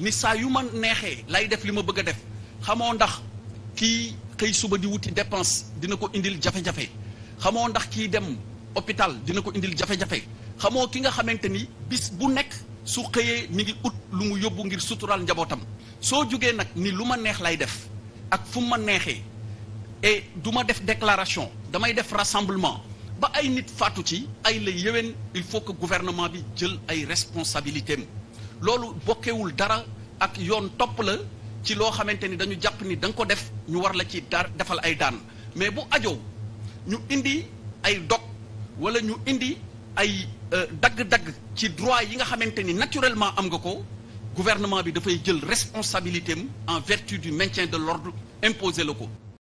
ni saa yu ma neexee lay def li ma bëgg a def xamoo ndax kii xëy suba di wuti dépense dina ko indil jafe-jafe xamoo ndax kii dem hôpital dina ko indil jafe-jafe xamoo ki nga xamante ni bis bu nekk su xëyee mi ngi ut lu mu yóbbu ngir suturaal njabootam soo jógee nag ni lu ma neex lay def ak fum ma neexee et du ma def déclaration damay def rassemblement ba ay nit faatu ci ay la yéwén il faut que gouvernement bi jël ay responsabilités loolu bokkewul dara ak yoon topp la ci loo xamante ni dañu jàpp ni da nga ko def ñu war la ci dar defal ay daan mais bu ajoo ñu indi ay dog wala ñu indi ay euh, dagg-dagg ci droit yi nga xamante ni naturellement am nga ko gouvernement bi dafay jël responsabilité en vertu du maintien de l'ordre imposé la ko